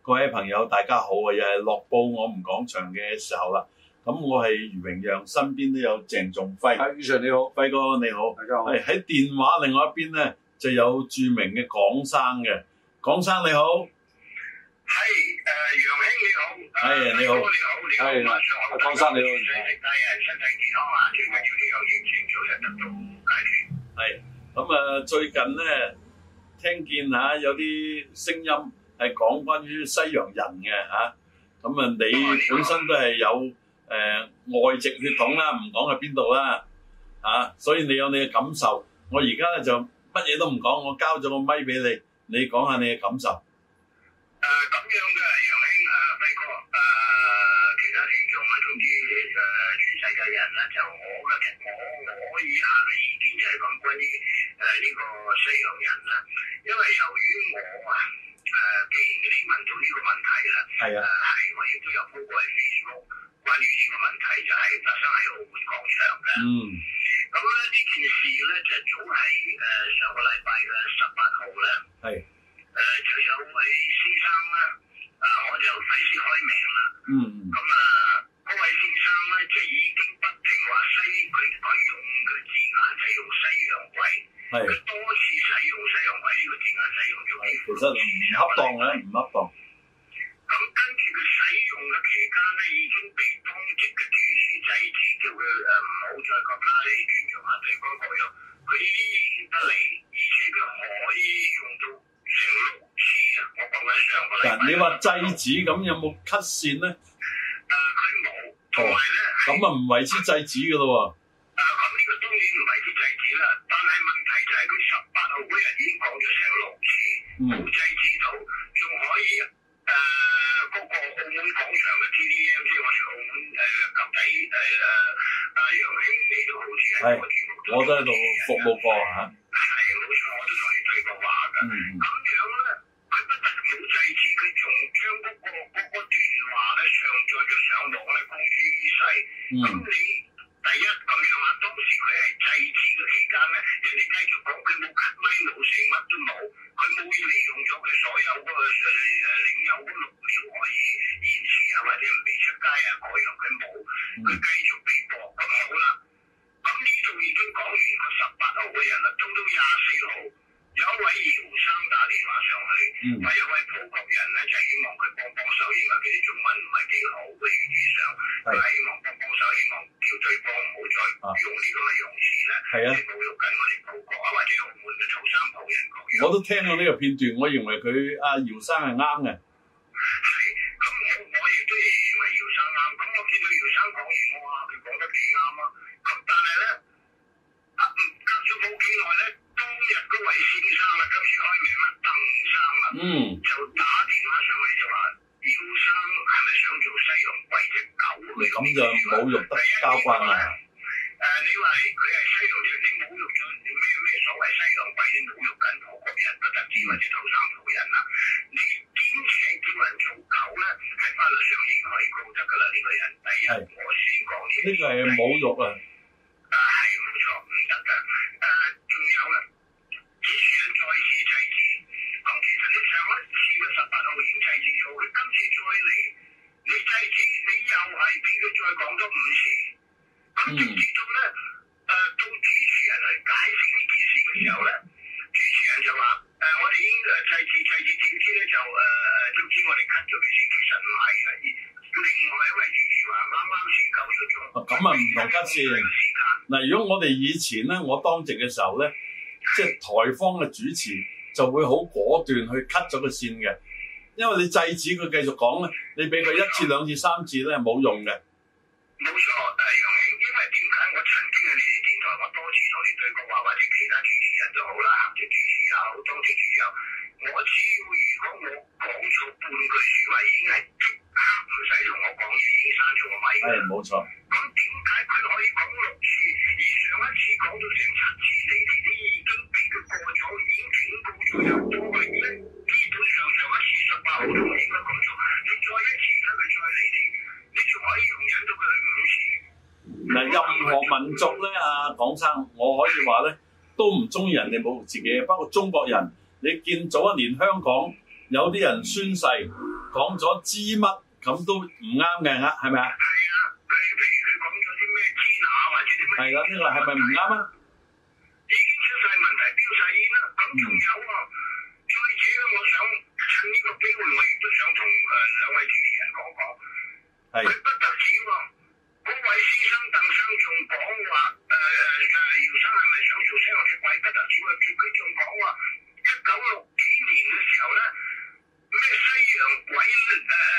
各位朋友，大家好啊！又係樂報我哋講場嘅時候啦。咁我係余榮陽，身邊都有鄭仲輝。阿宇常你好，輝哥你好，大家好，係啊。喺電話另外一邊呢，就有著名嘅廣生嘅廣生你好。係。誒，楊兄你好，你好，你好，你阿康生你好，健康啊，係咁啊！最近咧，聽見吓有啲聲音係講關於西洋人嘅吓，咁啊，你本身都係有誒外籍血統啦，唔講去邊度啦，吓，所以你有你嘅感受。我而家咧就乜嘢都唔講，我交咗個咪俾你，你講下你嘅感受。誒，咁樣嘅。咧就我嘅我我以下嘅意見就係講關於誒呢個西洋人啦，因為由於我啊誒、呃，既然你問到呢個問題咧，係啊，係、呃、我亦都有報過新聞。關於呢個問題就係發生喺澳門廣場嘅。嗯，咁咧呢件事咧就早喺誒上個禮拜嘅十八號咧。係誒是、呃，就有位先生啦，啊、呃，我就費事開名啦。嗯，咁啊、嗯。嗰位先生咧就已經不停話西，佢佢用嘅字眼使用西洋鬼，佢是多次使用西洋鬼呢、呢個字眼使用咗，其實就唔恰當嘅，唔恰當。咁跟住佢使用嘅期間咧，已經被當值嘅主持制止叫佢誒唔好再講啦，你尊重下對方吖。佢依然得嚟，而且佢可以用到成六次。啊！我講緊上個禮拜。嗱，你話制止咁有冇出線咧？咁咪唔為之制止嘅咯喎？誒、嗯，咁呢個當然唔為之制止啦，但係問題就係佢十八號嗰日已經講咗成六次冇制止到，仲可以誒嗰個澳門廣場嘅 T D M 即係我哋澳門誒夾仔誒誒大楊兄，你都好似啊，係，我都喺度服務過嚇。係冇錯，我都同意呢個話嘅。嗯咁樣咧，佢不但冇制止，佢仲將嗰個嗰個話咧。我就上網咧公諸於世，咁你第一咁樣話，當時佢係祭祀嘅期間咧，人哋繼續講佢冇吸米老鼠，乜都冇，佢冇利用咗佢所有嗰個誒誒領有嗰啲物料可以延遲啊，或者未出街啊嗰樣片段，我認為佢阿、啊、姚生係啱嘅。係，咁我我亦都認為姚生啱。咁我見到姚生講完，我話佢講得幾啱啊。咁但係咧，啊隔咗冇幾耐咧，當日嗰位先生啊，今次開名啦，鄧生啦，嗯，就打電話上去就話，姚生係咪想做西洋鬼隻狗呢，啊呃？你咁就侮辱得交關啦。誒你話佢係西洋人你侮辱咗，你咩咩所謂西洋鬼你侮辱緊？人不得知或者偷生好人啦，你兼請叫人做狗咧，係法律上已經可以告得噶啦呢個人。第、哎、一， 我先講呢個係侮辱啊。啊係冇錯唔得噶。啊，仲有啦，主持人再次制止，咁其實你上一次嘅十八號已經制止咗，佢今次再嚟，你制止你又係俾佢再講咗五次。咁咁最終咧，誒、嗯，到主持人嚟解釋呢件事嘅時候咧。就誒誒，總之我哋 cut 咗條線，其實唔係嘅。咁另外一位主持話，啱啱咗選夠要用時間。嗱，如果我哋以前咧，我當值嘅時候咧，即係台方嘅主持就會好果斷去 cut 咗個線嘅，因為你制止佢繼續講咧，你俾佢一次、兩次、三次咧冇用嘅。冇錯，但係。因為點解我曾經喺呢啲電台，我多次同你對過話，或者其他主持人都好啦，行住主持又好，多住主持人。我只要如果我講錯半句説話，已經係即刻唔使同我講嘢，已經刪掉我位嘅。係冇錯。咁點解佢可以講六次，而上一次講到成七次，你哋啲已經俾佢過咗，已經警告咗人做咩咧？基本上上一次十八號都唔應該講錯，你再一次睇佢再嚟添，你仲可以容忍到佢去五次？嗱，任何民族咧，阿、啊、廣生，我可以話咧，都唔中意人哋侮辱自己，包括中國人。你見早一年香港有啲人宣誓講咗知乜咁都唔啱嘅啦，係咪啊？係啊，你譬如佢講咗啲咩知哪或者點樣？係啦，呢個係咪唔啱啊？已經出曬問題，丟曬煙啦！咁仲有喎，再者咧，我想趁呢個機會，我亦都想同誒、呃、兩位主持人講講。係是。佢不得了喎、啊！嗰位先生鄧生仲講話誒誒誒，姚、呃、生係咪上條新聞嘅鬼不得了佢佢仲講話。九六幾年嘅時候咧，咩西洋鬼誒誒誒誒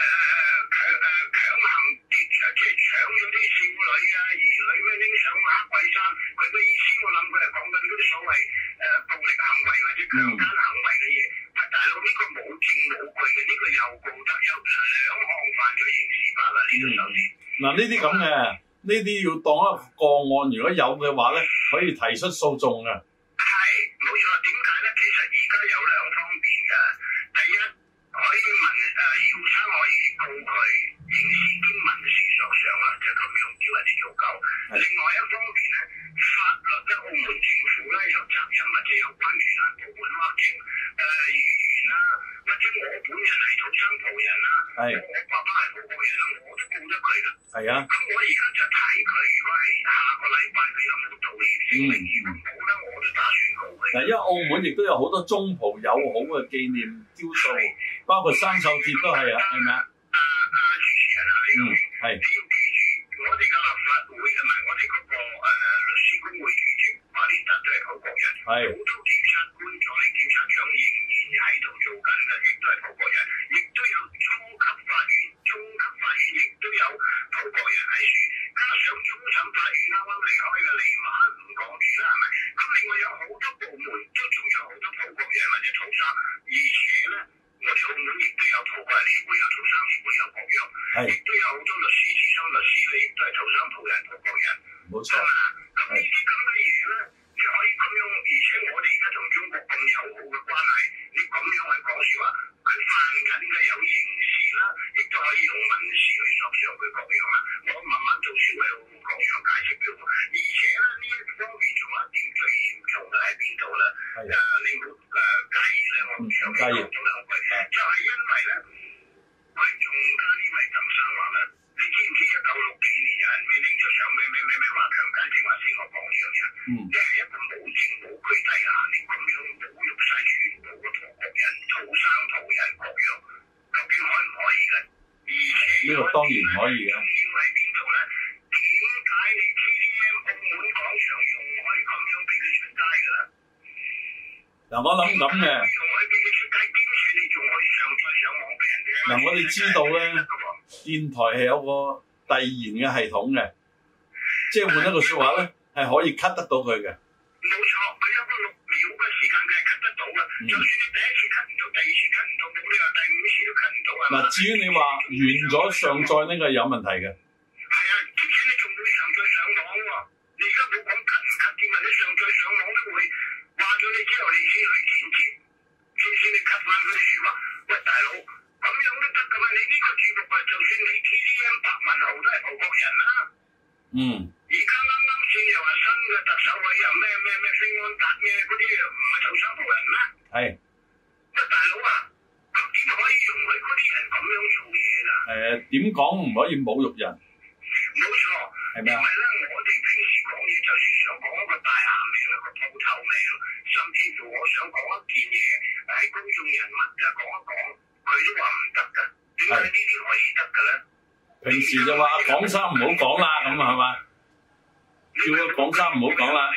強誒、呃、強行奪即係搶咗啲少女啊兒女咩拎上黑鬼山？佢嘅意思我諗佢係講緊嗰啲所謂誒、呃、暴力行為或者強姦行為嘅嘢。係大佬，呢個冇證冇據嘅，呢、呢個又冇得有兩項犯咗刑事法啦呢啲有啲嗱，呢啲咁嘅，呢、呢、啲要當一個案，如果有嘅話咧，可以提出訴訟嘅。咁我而家就睇佢，如果係下個禮拜佢有冇做呢啲預警，好咧我都打算做嘅。因為澳門亦都有好多中葡友好嘅紀念雕塑，是包括生壽節都係啊，係咪啊？阿阿主持人阿嗯，係。你要記住，我哋嘅立法會同埋我哋嗰個誒律師公會主席馬連達都係葡國人，係好多檢察官，仲有檢察長仍然喺度做緊嘅，亦都係葡國人，亦都有初級法院，中級法院亦都有土國人喺處，加上終審法院啱啱離開嘅利馬唔講住啦，係咪？咁另外有好多部門都仲有好多土國人或者土生，而且咧，我哋澳門亦都有土國人，會有土生，會有各樣，亦都有好多律師、資深律師咧，亦都係土生土人、土國人。冇錯。咁呢啲咁嘅。我諗咁嘅。嗱、嗯，我哋知道咧，電台係有個遞延嘅系統嘅，嗯、即係換一個說話咧，係、嗯、可以 cut 得到佢嘅。冇錯，佢有個六秒嘅時間佢係 cut 得到嘅。嗯、就算你第一次 cut 唔到，第二次 cut 唔到，冇理由第五次都 cut 唔到啊。嗱，嗯嗯、至於你話完咗上載呢個有問題嘅。白文豪都係葡國人啦，嗯，而家啱啱先又話新嘅特首位又咩咩咩，聖安達咩嗰啲唔係土生葡人咩？係，咁大佬啊，咁點是、啊、可以用佢嗰啲人咁樣做嘢噶？誒，點講唔可以侮辱人？冇錯錯，嗎因為咧？我哋平時講嘢，就算想講一個大廈名，一個鋪頭名，甚至乎我想講一件嘢係公眾人物就講一講，佢都話唔得噶。點解呢啲可以得噶咧？平時就話廣生唔好講啦，咁啊係嘛？叫佢廣生唔好講啦。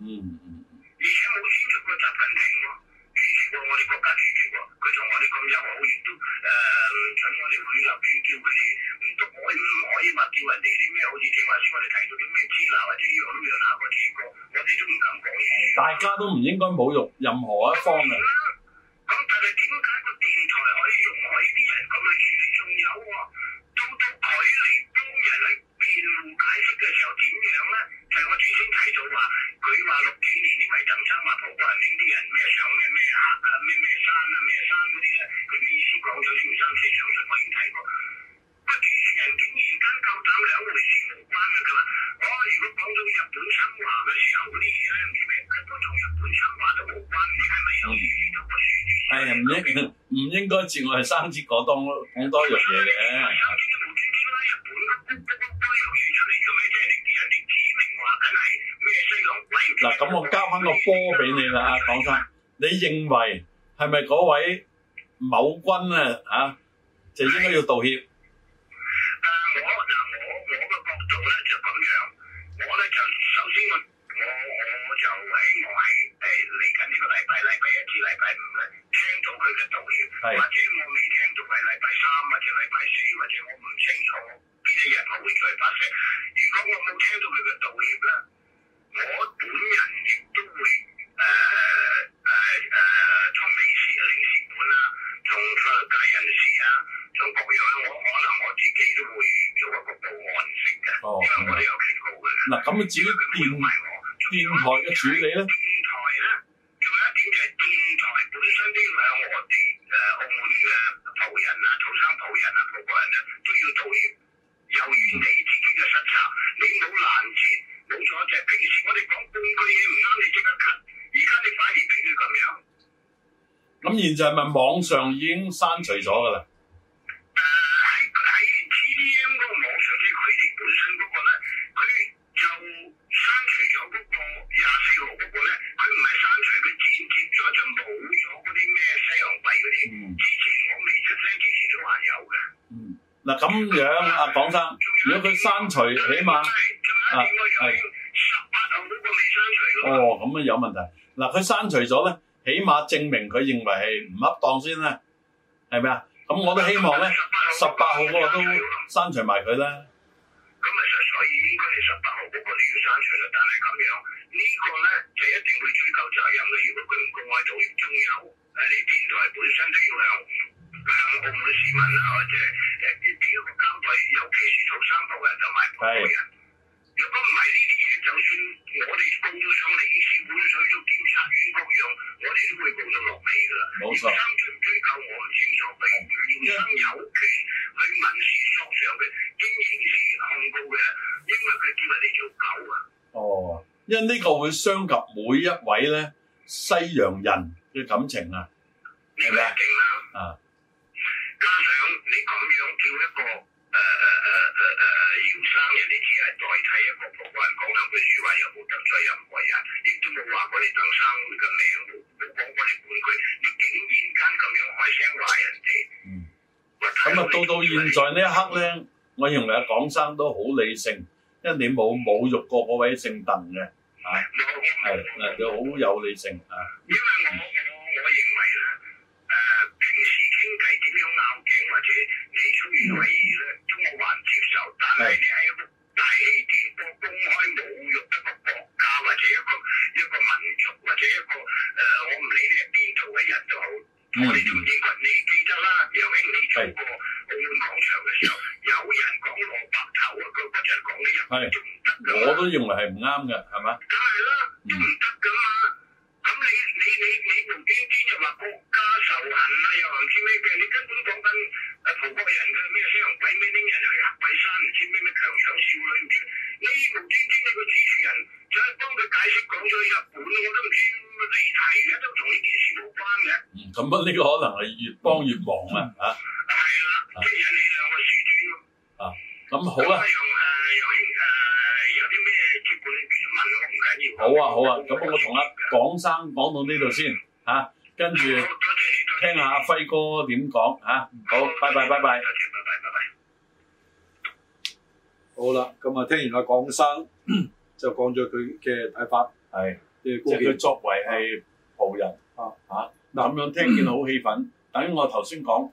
嗯。嗯嗯。而且冇簽足個習近平喎，拒絕過我哋國家拒絕過。佢同我哋咁友好，亦都誒準我哋去留片叫佢哋唔可以唔可以問叫人哋啲咩？好似正話先我哋提到啲咩欺鬧或者呢樣嗰樣鬧過添，有啲都唔敢講。大家都唔應該侮辱任何一方啊！咁、嗯、但係點解個電台可以用佢啲人咁嚟說？仲有喎、啊，到到佢嚟幫人喺辯護解釋嘅時候點樣咧？就係、我最先睇到話、啊，佢話六幾年呢位鄧生、麥婆學拎啲人咩上咩咩客啊咩咩山啊咩山嗰啲咧，佢嘅意思講咗啲唔爭氣上嚟，我已經睇過。主持人竟然跟夠膽兩回事無關嘅，佢話：我如果講到日本侵華嘅時候啲嘢咧，唔知咩都同日本侵華都無關嘅。嗯，係、哎、啊，唔應唔、嗯、應該自我去生節講多講多樣嘢嘅。有啲胡椒日本一一堆流言出嚟，做咩啫？你既然指明話緊係咩西鬼？嗱，咁我交翻個波俾你啦，阿講生，你認為係咪嗰位某君啊？啊，就應該要道歉？ 係禮拜一至禮拜五咧，是聽到佢嘅道歉，或者我未聽到係禮拜三或者禮拜四，或者我唔清楚邊一日我會再發聲。如果我冇聽到佢嘅道歉咧，我本人亦都會誒誒誒，從秘書、領事館啦，從法界人士啊，從各樣，我可能我自己都會做一個報案式嘅，哦、因為都有警告嘅。嗱那，咁啊至於電電台嘅處理咧？即係仲裁本身都要向我哋，誒澳門嘅葡人啊、土生葡人啊、葡國人啊，都要道歉，由於你自己嘅失策，你冇攔截，冇錯，即係平時我哋講半句嘢唔啱，你即刻撻，而家你反而俾佢咁樣，咁、嗯、現在係咪網上已經刪除咗㗎啦？之前我未出聲，之前都還有嘅。嗯，嗱咁樣啊，廣生是，如果佢刪除，起碼啊，係十八號嗰個未刪除噶。哦，咁樣有問題。嗱、啊，佢刪除咗咧，起碼證明佢認為係唔恰當先啦，係咪啊？咁、嗯、我都希望咧，十八號嗰個都刪除埋佢啦。咁啊，其實所以應該你十八號嗰個你要刪除啦，但係咁樣。個呢個咧就一定會追究責任嘅。如果佢唔公開道歉，中有誒、啊、你電台本身都要向向澳門市民啦，即係誒俾一個交代。尤其是做三包人就埋背人。人是如果唔係呢啲嘢，就算我哋報咗上你，先本，上咗檢察院嗰樣，我哋都會報咗落尾噶啦。冇錯。廖生追唔追究我錢財，但係廖生有權去、嗯、民事索償嘅，經刑事控告嘅，因為佢叫為你條狗啊。哦。Oh. 因為呢個會傷及每一位咧西洋人嘅感情啊，係咪啊？啊！加上你咁樣叫一個誒誒誒誒誒姚生人，人哋只係代替一個普通人，講兩句説話，有冇得罪任何人，亦都冇話過你鄧生嘅名，冇講過你半句，你竟然間咁樣開聲話人哋。嗯。咁啊、嗯，到到現在呢一刻咧，嗯、我認為阿港生都好理性，因為你冇侮辱過嗰位姓鄧嘅。誒，好有理性啊！因為我我我認為咧，誒 平時傾偈點樣拗頸或者你所認為咧，都我還接受。但係你喺一個大氣電波公開侮辱一個國家或者一個一個民族或者一個誒、呃，我唔理你係邊度嘅人都好，我哋你唔見你記得啦？又英你做過澳門廣場嘅時候，有人講蘿蔔頭啊，佢不停講你入仲唔得㗎？我都認為係唔啱嘅，係嘛？ 呢、啊，這個可能係越幫越忙啊！嚇，係啦，即係引啊，咁好啦。咁啊，又、啊、誒，有啲咩主管問唔緊要。好啊，嗯、好啊，好啊，咁我同阿廣生講到呢度先嚇，跟、啊、住聽下輝哥點講嚇。好，拜拜拜拜。拜拜拜拜。好啦，咁啊，聽完阿廣生就講咗佢嘅睇法。係、啊，即係佢作為係僕人啊嚇。嗱咁樣聽見好氣憤， 等於我頭先講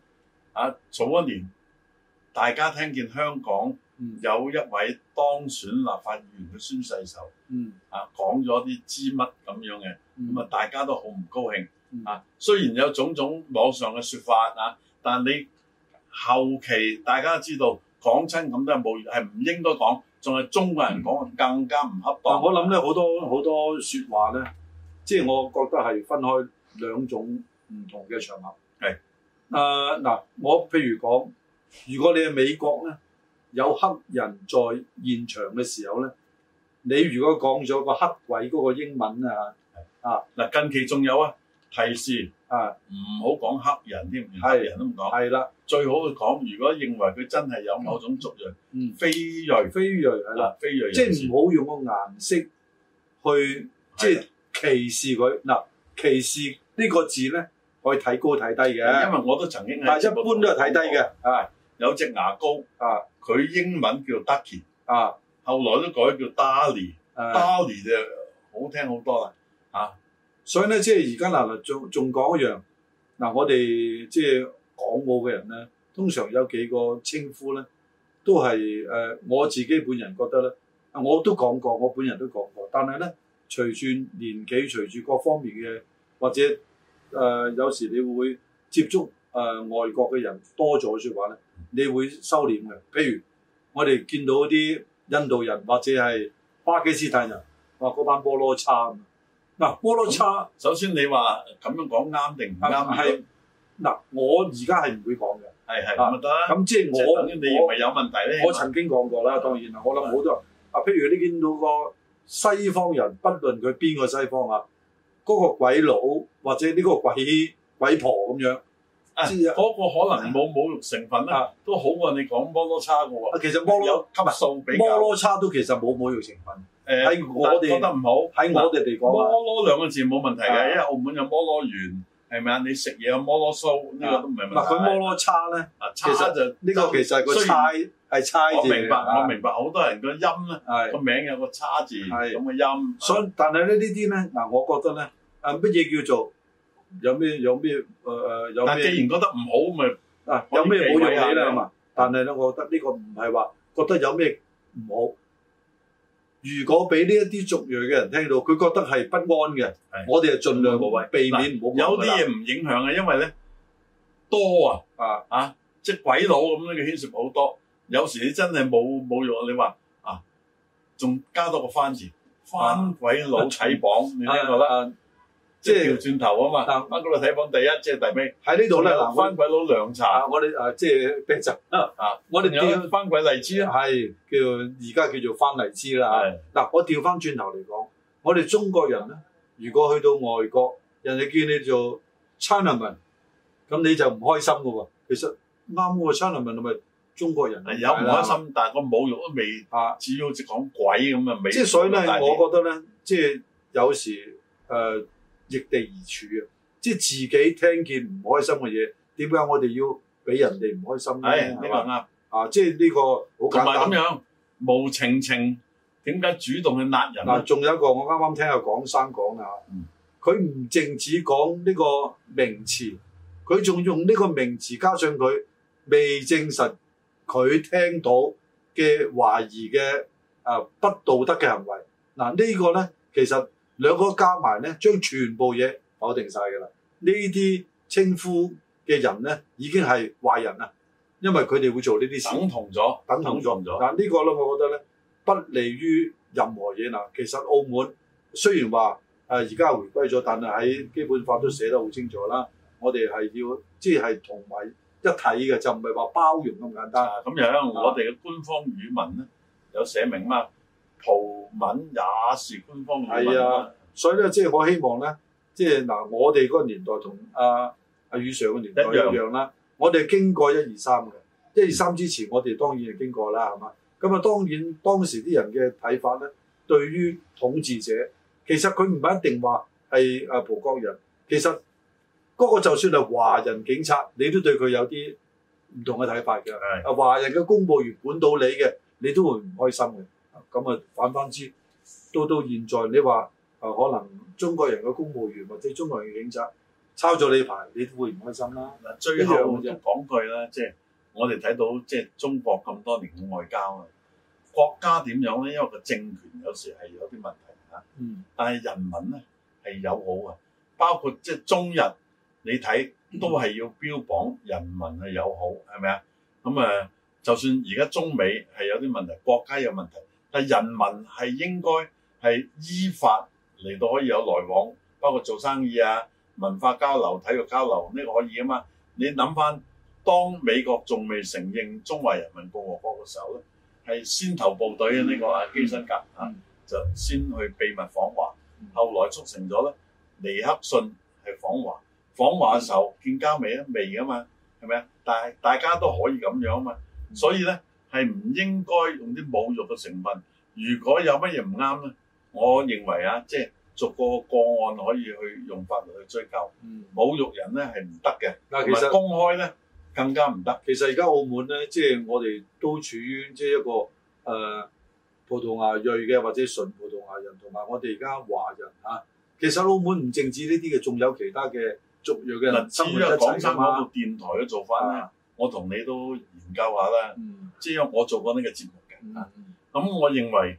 啊，早一年大家聽見香港有一位當選立法議員嘅宣誓時，嗯，啊講咗啲知乜咁樣嘅，咁啊大家都好唔高興，啊雖然有種種網上嘅説法啊，但你後期大家知道講親咁都係冇，係唔應該講，仲係中國人講、嗯、更加唔恰當。我諗咧，好多好多説話咧，即係我覺得係分開。兩種唔同嘅場合係，誒嗱的、呃，我譬如講，如果你喺美國咧，有黑人在現場嘅時候咧，你如果講咗個黑鬼嗰個英文啊，啊嗱，近期仲有啊提示啊，唔好講黑人添，連黑人都唔講，係啦的，最好去講，如果認為佢真係有某種族裔，非裔非裔係啦，非裔，即係唔好用個顏色去即係歧視佢，嗱的歧視。呢個字咧，可以睇高睇低嘅，因為我都曾經係，但一般都係睇低嘅。啊，有隻牙膏啊，佢英文叫 Darkie 啊，後來都改咗叫 Darlie，Darlie 就好聽好多啦。嚇，所以咧，即係而家嗱嗱，仲仲講一樣，嗱、嗯，我哋即係港澳嘅人咧，通常有幾個稱呼咧，都係誒、呃，我自己本人覺得咧，我都講過，我本人都講過，但係咧，隨住年紀，隨住各方面嘅或者，誒、呃、有時你會接觸誒、呃、外國嘅人多咗，説話咧，你會收斂嘅。譬如我哋見到啲印度人或者係巴基斯坦人，話嗰班菠蘿叉、啊、叉。嗱菠蘿叉，首先你話咁樣講啱定唔啱？係嗱、啊啊，我而家係唔會講嘅。係係得。咁、啊、即係我我起碼我曾經講過啦，的當然啦。我諗好多人啊，譬如你見到個西方人，不論佢邊個西方啊。嗰個鬼佬或者呢個鬼鬼婆咁樣，嗰個可能冇侮辱成分啦，都好喎。你講摩羅叉我其實摩羅溝埋數，摩羅差都其實冇侮辱成分。誒，我哋覺得唔好。喺我哋嚟講，摩羅兩個字冇問題嘅，因為澳門有摩羅園，係咪啊？你食嘢有摩羅酥，呢個都唔係問題。佢摩羅叉咧，其實就呢個其實個差係差字。我明白，我明白。好多人個音咧，個名有個叉字，咁嘅音。所以，但係咧呢啲咧，嗱，我覺得咧。乜嘢、啊、叫做有咩有咩？誒、呃、誒有咩？既然覺得唔好，咪啊有咩冇用嘢啦嘛？但係咧，我覺得呢個唔係話覺得有咩唔好。如果俾呢一啲族裔嘅人聽到，佢覺得係不安嘅，的我哋係盡量避免冇。有啲嘢唔影響嘅，因為咧多啊啊啊！即係鬼佬咁樣嘅牽涉好多，有時你真係冇冇用。你話啊，仲加多個番字，番鬼佬砌榜，你聽過啦？ 啊 即係調轉頭啊嘛，翻嗰度睇翻第一即係第尾喺呢度咧。嗱，翻鬼佬涼茶，我哋啊即係啤啊，我哋掉翻鬼荔枝啊，係叫而家叫做翻荔枝啦。嗱，我調翻轉頭嚟講，我哋中國人咧，如果去到外國，人哋叫你做 Chinaman，咁你就唔開心噶喎。其實啱個，Chinaman 係咪中國人嚟？有唔開心，但係個侮辱都未打，只要好似講鬼咁啊，未。即係所以咧，我覺得咧，即係有時誒。逆地而處啊！即係自己聽見唔開心嘅嘢，點解我哋要俾人哋唔開心咧？係咪啊？啊！即係呢個好簡單。咁樣無情情，點解主動去揦人啊？仲有一個我剛剛，我啱啱聽阿廣生講啊，佢唔淨止講呢個名詞，佢仲用呢個名詞加上佢未證實佢聽到嘅懷疑嘅啊不道德嘅行為。嗱、啊，這個、呢個咧其實。兩個加埋咧，將全部嘢否定晒㗎啦！稱呢啲稱呼嘅人咧，已經係壞人啊！因為佢哋會做呢啲事。等同咗，等同咗。但呢個咧，我覺得咧，不利於任何嘢嗱。其實澳門雖然話誒而家回歸咗，但係喺基本法都寫得好清楚啦。我哋係要即係同埋一體嘅，就唔係話包容咁簡單。咁、啊嗯嗯、樣，我哋嘅官方語文咧有寫明嘛。葡文也是官方嘅，係啊，所以咧，即係我希望咧，即係嗱，我哋嗰個年代同阿阿宇 Sir 嘅年代一樣啦。樣我哋經過一二三嘅一二三之前，我哋當然係經過啦，係嘛？咁啊，當然當時啲人嘅睇法咧，對於統治者，其實佢唔係一定話係阿葡國人，其實嗰個就算係華人警察，你都對佢有啲唔同嘅睇法嘅。係啊、啊、華人嘅公務員管到你嘅，你都會唔開心嘅。咁啊，反翻之到到現在，你話啊，可能中國人嘅公務員或者中國人嘅警察抄咗你牌，你都會唔開心啦。嗱，最後就講句啦，即係我哋睇到即係中國咁多年嘅外交啦，國家點樣咧？因為個政權有時係有啲問題㗎。嗯，但係人民咧係友好嘅，包括即係中日你睇都係要標榜人民係友好，係咪啊？咁誒，就算而家中美係有啲問題，國家有問題。但人民係應該係依法嚟到可以有來往，包括做生意啊、文化交流、體育交流呢個可以啊嘛。你諗翻當美國仲未承認中華人民共和國嘅時候咧，係先頭部隊呢個基、嗯、啊基辛格啊就先去秘密訪華，後來促成咗咧尼克遜係訪華。訪華嘅時候建交未啊？未啊嘛，係咪啊？但係大家都可以咁樣啊嘛，所以咧。係唔應該用啲侮辱嘅成分。如果有乜嘢唔啱咧，我認為啊，即係逐個個案可以去用法律去追究。嗯、侮辱人咧係唔得嘅，其實公開咧更加唔得。其實而家澳門咧，即係我哋都處於即係一個誒、呃、葡萄牙裔嘅或者純葡萄牙人，同埋我哋而家華人嚇、啊。其實澳門唔淨止呢啲嘅，仲有其他嘅族裔嘅人。至於廣州嗰度電台嘅做法咧。我同你都研究下啦，嗯、即係因為我做過呢個節目嘅，咁、嗯、我認為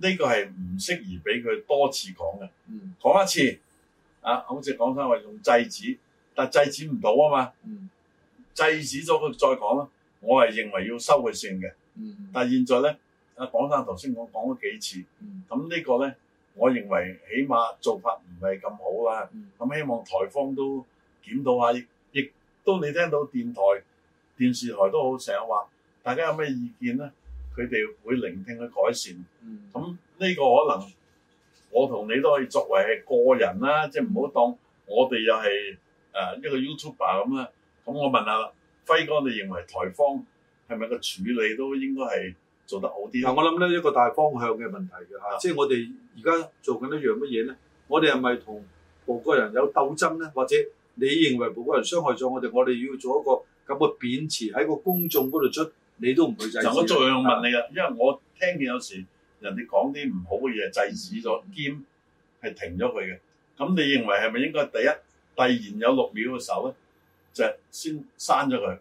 呢個係唔適宜俾佢多次講嘅，講、嗯、一次，啊，好似廣生話用制止，但制止唔到啊嘛，嗯、制止咗佢再講啦，我係認為要收佢線嘅，嗯、但係現在咧，阿、啊、廣生頭先我講咗幾次，咁、嗯、呢個咧，我認為起碼做法唔係咁好啦，咁、嗯、希望台方都檢討下。當你聽到電台、電視台都好成日話，大家有咩意見咧？佢哋會聆聽去改善。咁呢、嗯、個可能我同你都可以作為係個人啦、啊，即係唔好當我哋又係誒一個 YouTuber 咁啦、啊。咁我問下輝哥，你認為台方係咪個處理都應該係做得好啲咧？但我諗咧一個大方向嘅問題㗎嚇，即係的我哋而家做緊一樣乜嘢咧？我哋係咪同個個人有鬥爭咧？或者？你認為嗰個人傷害咗我哋，我哋要做一個咁嘅辯詞喺個公眾嗰度出，你都唔會制止。嗱，我再問你啦，因為我聽見有時人哋講啲唔好嘅嘢，制止咗，兼係停咗佢嘅。咁你認為係咪應該第一突然有六秒嘅時候咧，就係、先刪咗佢？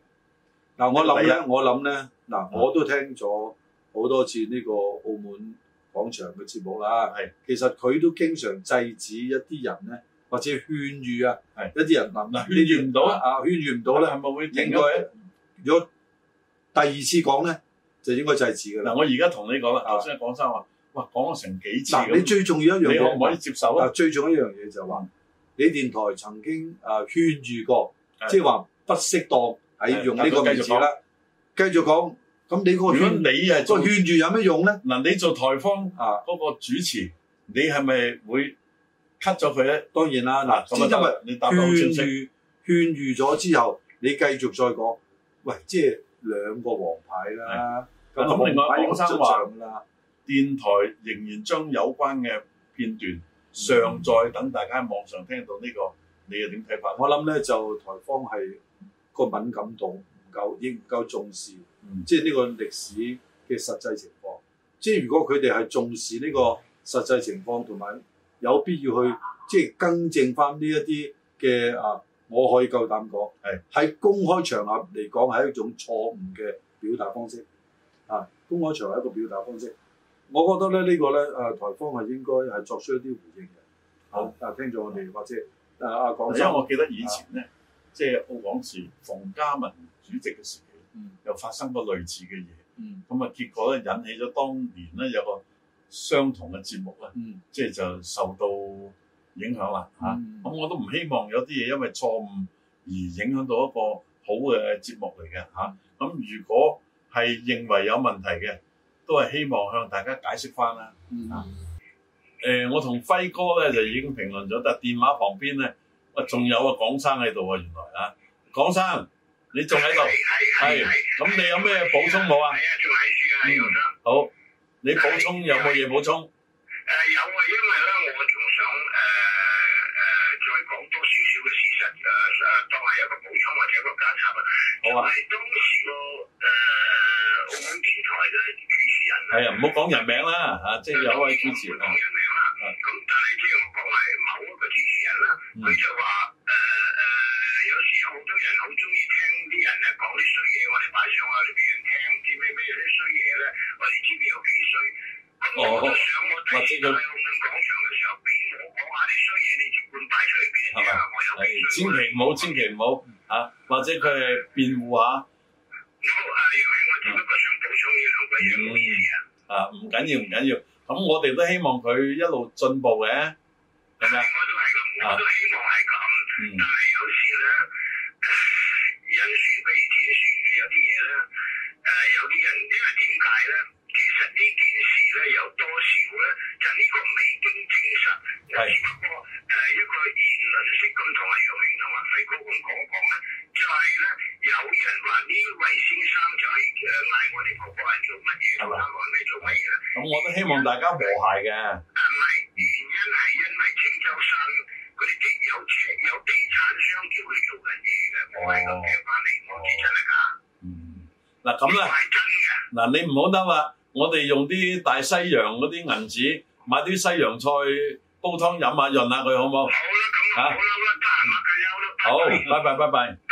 嗱，我諗咧，一我諗咧，嗱，我都聽咗好多次呢個澳門講場嘅節目啦，係的其實佢都經常制止一啲人咧。或者勸喻啊，一啲人諗啦，勸喻唔到咧，啊勸喻唔到咧，係咪會應該？如果第二次講咧，就應該制止㗎啦。嗱，我而家同你講啦，頭先講生話，哇，講咗成幾次。你最重要一樣嘢，你可唔可以接受啊？最重要一樣嘢就係話，你電台曾經啊勸喻過，即係話不適當係用呢個字啦。繼續講，咁你個勸，個勸喻有咩用咧？嗱，你做台方啊嗰個主持，你係咪會？cut 咗佢咧，當然啦。嗱，即因為勸喻勸喻咗之後，你繼續再講，喂，即係兩個黃牌啦。咁另外，黃生話啦，電台仍然將有關嘅片段上載，等大家喺網上聽到呢個，你又點睇法？我諗咧就台方係個敏感度唔夠，亦唔夠重視，即係呢個歷史嘅實際情況。即係如果佢哋係重視呢個實際情況同埋。有必要去即係更正翻呢一啲嘅啊，我可以夠膽講係喺是公開場合嚟講係一種錯誤嘅表達方式啊，公開場合一個表達方式，我覺得咧呢、呢個咧啊台方係應該係作出一啲回應嘅。好，啊聽咗我哋好或者，啊啊港，因為我記得以前咧，啊、即係澳廣視，馮嘉文主席嘅時期，又發生過類似嘅嘢，咁、嗯、啊、嗯、結果咧引起咗當年咧有個。相同嘅節目咧，即係就受到影響啦嚇。咁我都唔希望有啲嘢因為錯誤而影響到一個好嘅節目嚟嘅嚇。咁如果係認為有問題嘅，都係希望向大家解釋翻啦。啊，誒，我同輝哥咧就已經評論咗，但電話旁邊咧，哇，仲有啊，廣生喺度啊，原來啊，廣生，你仲喺度？係，咁你有咩補充冇啊？嗯，好。你補充，有冇嘢補充？誒有啊，因為咧我仲想誒誒再講多少少嘅事實，誒誒當係一個補充或者一個檢查啊。好啊。係當時個澳廣電台嘅主持人啊。係啊，唔好講人名啦，啊， 即係有一位主持人啊。講人名啦，啊， 咁但係只要我講係某一個主持人啦，佢 就 好千祈唔好嚇，或者佢係辯護嚇。我誒由我只不過想補充呢兩句嘢啊，唔緊要唔緊要，咁我哋都希望佢一路進步嘅，係咪？我都係咁，啊、我都希望係咁，嗯、但係有時咧、啊，人算不如天算，有啲嘢咧，誒、啊、有啲人，因為點解咧？其實呢件事咧有多少咧？就呢個未經證實，我只不過。希望大家和諧嘅。唔係原因係因為青州生嗰啲地有有地產商叫佢做緊嘢嘅。我係咁叫翻嚟，我揭出嚟㗎。嗯，嗱咁啦。係真㗎。嗱，你唔好嬲啊！我哋用啲大西洋嗰啲銀紙買啲西洋菜煲湯飲下，潤下佢，好唔好？好啦，咁啦，好啦，好啦，得閒我退休啦。好，拜拜，拜拜。